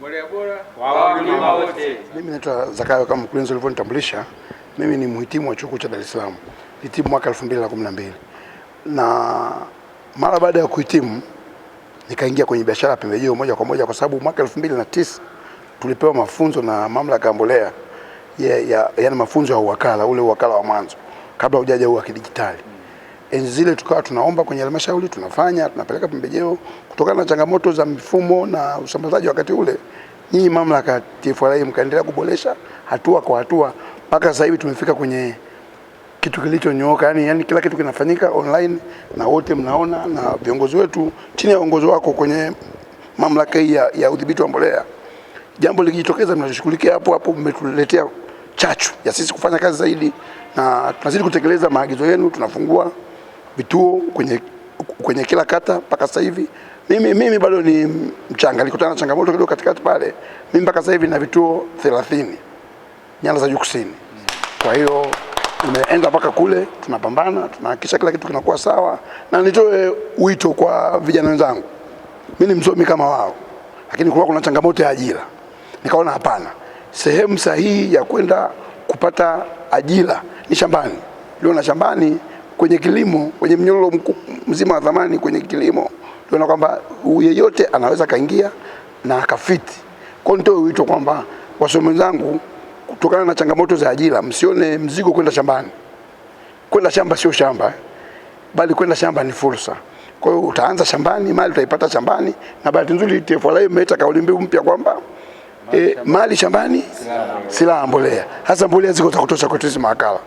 mbolea bora kwa wakulima wote. Mimi naitwa Zakayo, kama mkurugenzi ulivyonitambulisha. Mimi ni mhitimu wa chuo cha Dar es Salaam, hitimu mwaka 2012 na mara baada ya kuhitimu nikaingia kwenye biashara ya pembejeo moja kwa moja, kwa sababu mwaka 2009 tulipewa mafunzo na mamlaka ya mbolea ya, ya, yani mafunzo ya uwakala, ule uwakala wa mwanzo kabla hujaja huu wa kidijitali. Enzi zile tukawa tunaomba kwenye halmashauri, tunafanya tunapeleka pembejeo. Kutokana na changamoto za mifumo na usambazaji wakati ule, hii mamlaka TFRA mkaendelea kuboresha hatua kwa hatua mpaka sasa hivi tumefika kwenye kitu kilichonyooka, yani, yani kila kitu kinafanyika online na wote mnaona, na viongozi wetu chini ya uongozi wako kwenye mamlaka hii ya, ya udhibiti wa mbolea, jambo likijitokeza mnashughulikia hapo hapo. Mmetuletea chachu ya sisi kufanya kazi zaidi, na tunazidi kutekeleza maagizo yenu. Tunafungua vituo kwenye, kwenye kila kata mpaka sasa hivi. Mimi, mimi bado ni mchanga, nilikutana na changamoto kidogo katikati pale. Mimi mpaka sasa hivi na vituo 30 nyanda za juu kusini. Kwa hiyo tumeenda mpaka kule, tunapambana, tunahakikisha kila kitu kinakuwa sawa, na nitoe wito kwa vijana wenzangu, mimi ni msomi kama wao, lakini kulikuwa kuna changamoto ya ajira. Nikaona hapana, sehemu sahihi ya kwenda kupata ajira ni shambani. Leo na shambani kwenye kilimo, kwenye mnyororo mzima wa thamani kwenye kilimo, tunaona kwamba yeyote anaweza kaingia na akafiti. Kwa hiyo wito kwamba wasomi wenzangu, kutokana na changamoto za ajira, msione mzigo kwenda shambani. Kwenda shamba sio shamba, bali kwenda shamba ni fursa. Kwa hiyo utaanza shambani, mali utaipata shambani, na bahati nzuri TFRA imeleta kauli mbiu mpya kwamba mali, eh, mali shambani silaha mbolea. Hasa mbolea ziko za kutosha kwetu sisi mawakala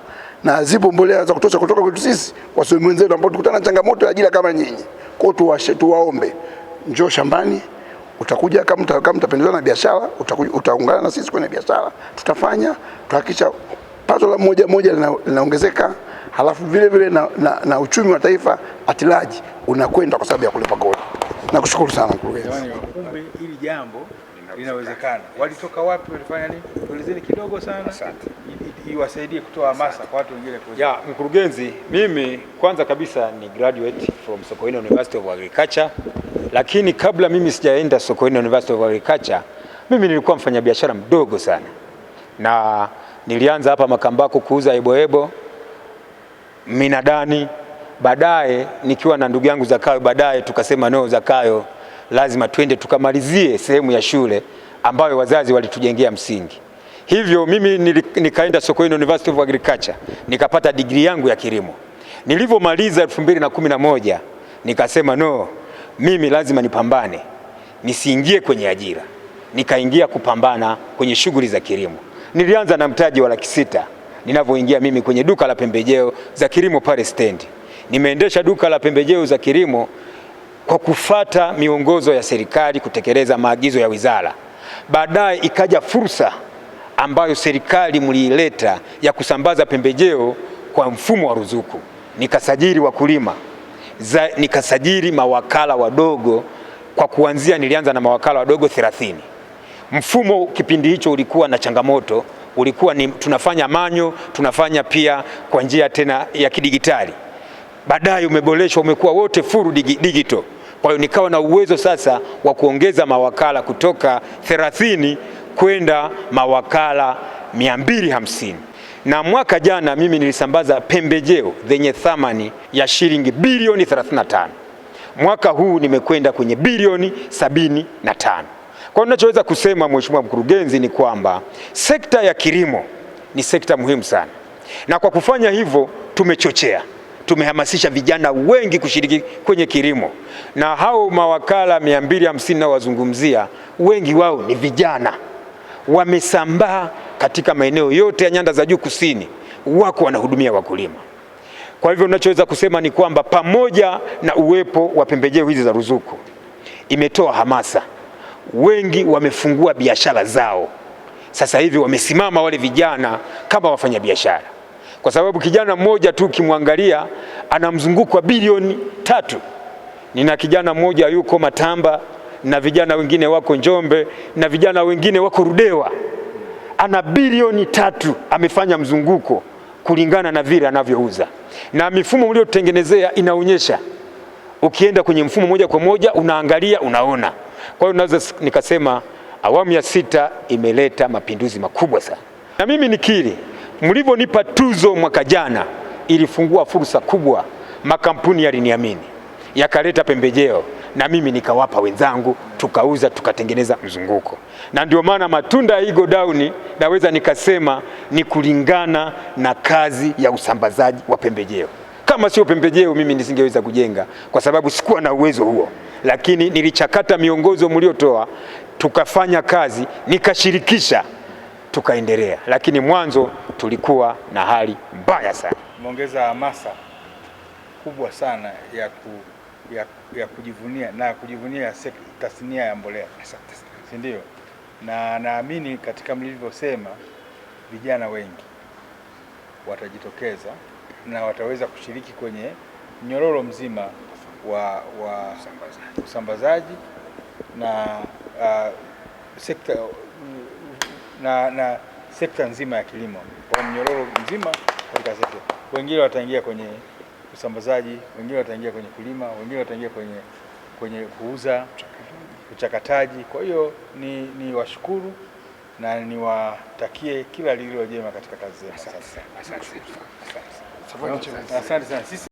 na zipo mbolea za kutosha kutoka kwetu sisi kwa wasomi wenzetu ambao tukutana changamoto ya ajira kama nyinyi. Kwa hiyo tuwaombe, njoo shambani, utakuja kama mtapendezana na biashara, utaungana na sisi kwenye biashara, tutafanya tutahakikisha pato la moja moja linaongezeka lina halafu vile vile na, na, na uchumi wa taifa atilaji unakwenda kwa sababu ya kulipa kodi. Nakushukuru sana mkurugenzi. kumbe hili jambo inawezekana. Walitoka wapi? Walifanya nini? Tuelezeni kidogo sana, asante, iwasaidie kutoa hamasa kwa watu wengine. Ya mkurugenzi, mimi kwanza kabisa ni graduate from Sokoine University of Agriculture, lakini kabla mimi sijaenda Sokoine University of Agriculture, mimi nilikuwa mfanyabiashara mdogo sana, na nilianza hapa Makambako kuuza eboebo, minadani, baadaye nikiwa na ndugu yangu Zakayo, baadaye tukasema no, Zakayo lazima twende tukamalizie sehemu ya shule ambayo wazazi walitujengea msingi. Hivyo mimi nikaenda Sokoine University of Agriculture nikapata degree yangu ya kilimo. Nilivyomaliza moja nikasema no, mimi lazima nipambane, nisiingie kwenye ajira. Nikaingia kupambana kwenye shughuli za kilimo. Nilianza na mtaji wa laki sita ninavyoingia mimi kwenye duka la pembejeo za kilimo pale stendi. Nimeendesha duka la pembejeo za kilimo kwa kufata miongozo ya serikali kutekeleza maagizo ya wizara. Baadaye ikaja fursa ambayo serikali mliileta ya kusambaza pembejeo kwa mfumo wa ruzuku, nikasajili wakulima nikasajili mawakala wadogo. Kwa kuanzia nilianza na mawakala wadogo 30. Mfumo kipindi hicho ulikuwa na changamoto, ulikuwa ni tunafanya manyo, tunafanya pia kwa njia tena ya kidigitali baadaye umeboreshwa umekuwa wote furu digital. Kwa hiyo nikawa na uwezo sasa wa kuongeza mawakala kutoka 30 kwenda mawakala 250 na mwaka jana mimi nilisambaza pembejeo zenye thamani ya shilingi bilioni 35. Mwaka huu nimekwenda kwenye bilioni 75. Kwa hiyo ninachoweza kusema Mheshimiwa Mkurugenzi ni kwamba sekta ya kilimo ni sekta muhimu sana, na kwa kufanya hivyo tumechochea tumehamasisha vijana wengi kushiriki kwenye kilimo, na hao mawakala 250 naowazungumzia, wengi wao ni vijana, wamesambaa katika maeneo yote ya nyanda za juu kusini, wako wanahudumia wakulima. Kwa hivyo unachoweza kusema ni kwamba pamoja na uwepo wa pembejeo hizi za ruzuku, imetoa hamasa, wengi wamefungua biashara zao. Sasa hivi wamesimama wale vijana kama wafanyabiashara kwa sababu kijana mmoja tu ukimwangalia ana mzunguko wa bilioni tatu. Nina kijana mmoja yuko Matamba na vijana wengine wako Njombe na vijana wengine wako Rudewa, ana bilioni tatu amefanya mzunguko kulingana na vile anavyouza, na mifumo mliotengenezea inaonyesha. Ukienda kwenye mfumo moja kwa moja unaangalia, unaona. Kwa hiyo naweza nikasema awamu ya sita imeleta mapinduzi makubwa sana, na mimi nikiri mlivyonipa tuzo mwaka jana, ilifungua fursa kubwa, makampuni yaliniamini, yakaleta pembejeo na mimi nikawapa wenzangu, tukauza, tukatengeneza mzunguko, na ndio maana matunda ya Eagle Down naweza nikasema ni kulingana na kazi ya usambazaji wa pembejeo. Kama sio pembejeo, mimi nisingeweza kujenga, kwa sababu sikuwa na uwezo huo, lakini nilichakata miongozo mliotoa, tukafanya kazi, nikashirikisha tukaendelea, lakini mwanzo tulikuwa na hali mbaya sana. Umeongeza hamasa kubwa sana ya, ku, ya, ya kujivunia na kujivunia tasnia ya mbolea, si ndio? Na naamini katika mlivyosema, vijana wengi watajitokeza na wataweza kushiriki kwenye mnyororo mzima wa, wa usambazaji, usambazaji na uh, sekta na, na sekta nzima ya kilimo kwa mnyororo mzima katika sekta. Wengine wataingia kwenye usambazaji, wengine wataingia kwenye kulima, wengine wataingia kwenye, kwenye kuuza, uchakataji. Kwa hiyo ni, ni washukuru na niwatakie kila lililo jema katika kazi zenu. Asante sana